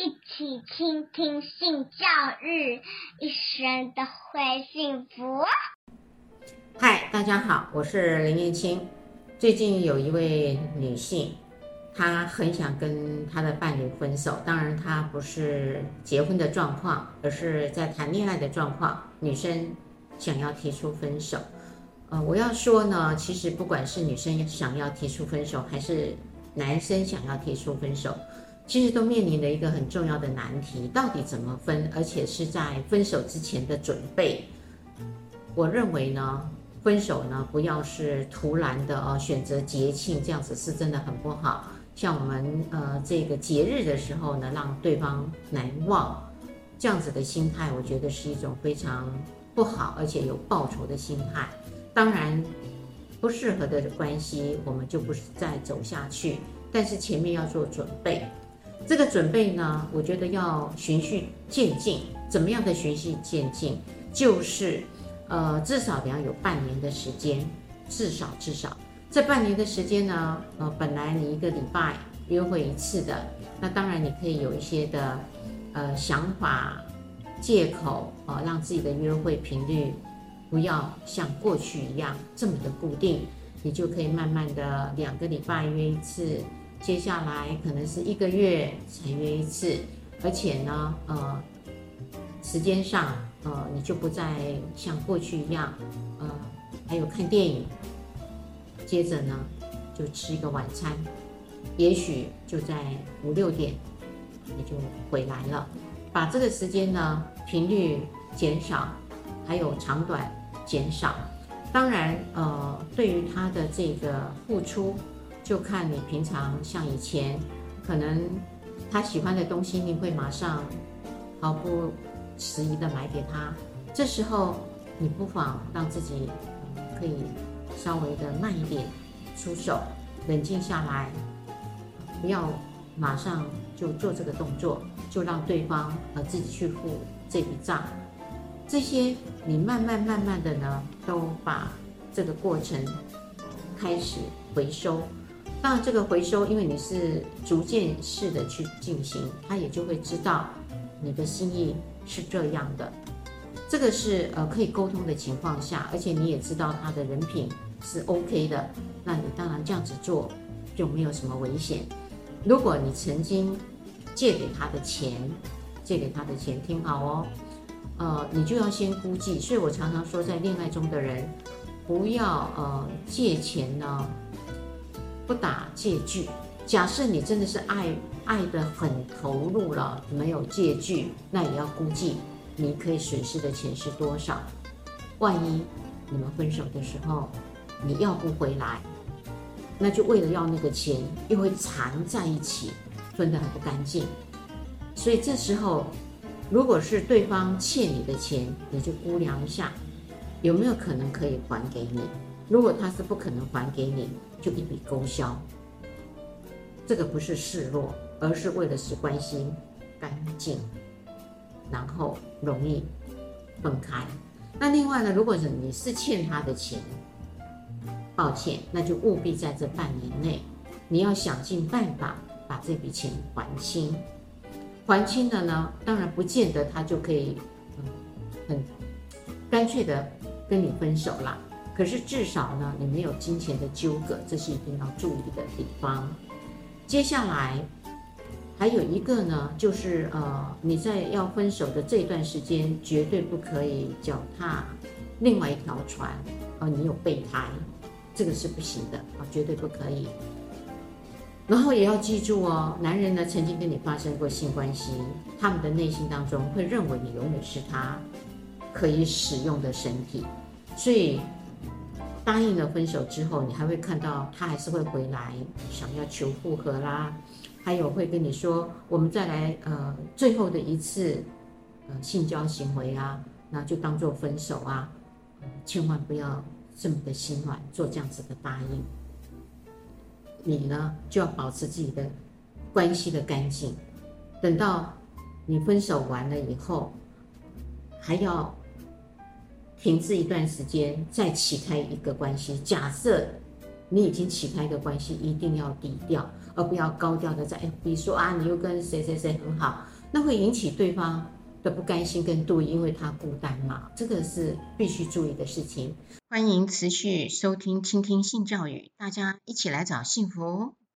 一起傾聽性教育，一生都會幸福。嗨，大家好，我是林燕青。最近有一位女性，她很想跟她的伴侶分手。當然，她不是結婚的狀況，而是在談戀愛的狀況。女生想要提出分手，呃，我要說呢，其實不管是女生想要提出分手，還是男生想要提出分手。其實都面臨了一個很重要的難題：到底怎麼分？而且是在分手之前的準備。我認為呢，分手呢不要是突然的哦，選擇節慶這樣子是真的很不好。像我們呃這個節日的時候呢，讓對方難忘，這樣子的心態，我覺得是一種非常不好，而且有報仇的心態。當然，不適合的關係我們就不是再走下去，但是前面要做準備。這個準備呢，我覺得要循序漸進。怎麼樣的循序漸進？就是，呃，至少你要有半年的時間，至少至少這半年的時間呢，呃，本來你一個禮拜約會一次的，那當然你可以有一些的，呃，想法，借口哦，呃，讓自己的約會頻率不要像過去一樣這麼的固定，你就可以慢慢的兩個禮拜約一次。接下來可能是一個月才約一次，而且呢，呃，時間上，呃，你就不再像過去一樣，呃，還有看電影，接着呢，就吃一個晚餐，也許就在五六點，你就回來了，把這個時間呢，頻率減少，還有長短減少，當然，呃，對於他的這個付出。就看你平常像以前，可能他喜歡的東西，你會馬上毫不遲疑的買給他。這時候你不妨讓自己可以稍微的慢一點出手，冷靜下來，不要馬上就做這個動作，就讓對方和自己去付這筆賬。這些你慢慢慢慢的呢，都把這個過程開始回收。當然，這個回收，因為你是逐漸式的去進行，他也就會知道你的心意是這樣的。這個是呃可以溝通的情況下，而且你也知道他的人品是 OK 的，那你當然這樣子做就沒有什麼危險。如果你曾經借給他的錢，借給他的錢，聽好哦，呃，你就要先估計。所以我常常說，在戀愛中的人不要呃借錢呢。不打借據，假設你真的是愛愛得很投入了，沒有借據，那也要估計你可以損失的錢是多少。萬一你們分手的時候，你要不回來，那就為了要那個錢，又會纏在一起，分得很不乾淨。所以這時候，如果是對方欠你的錢，你就估量一下有沒有可能可以還給你。如果他是不可能還給你，就一筆勾銷。這個不是示弱，而是為了使關係乾淨，然後容易分開。那另外呢，如果是你是欠他的錢，抱歉，那就務必在這半年內，你要想盡辦法把這筆錢還清。還清了呢，當然不見得他就可以很乾脆的跟你分手啦。可是至少呢，你沒有金錢的糾葛，這是一定要注意的地方。接下來還有一個呢，就是呃，你在要分手的這段時間，絕對不可以腳踏另外一條船哦，呃。你有備胎，這個是不行的啊，呃，絕對不可以。然後也要記住哦，男人呢曾經跟你發生過性關係，他們的內心當中會認為你永遠是他可以使用的身體，所以。答應了分手之後，你還會看到他還是會回來，想要求複合啦，還有會跟你說我們再來呃最後的一次，呃性交行為啊，那就當做分手啊，呃，千萬不要這麼的心軟做這樣子的答應。你呢就要保持自己的關係的乾淨，等到你分手完了以後，還要。停滯一段時間再起開一個關係。假設你已經起開一個關係，一定要低調，而不要高調的在 FB 說啊，你又跟誰誰誰很好，那會引起對方的不甘心跟妒意，因為他孤單嘛。這個是必須注意的事情。歡迎持續收聽《傾聽性教育》，大家一起來找幸福。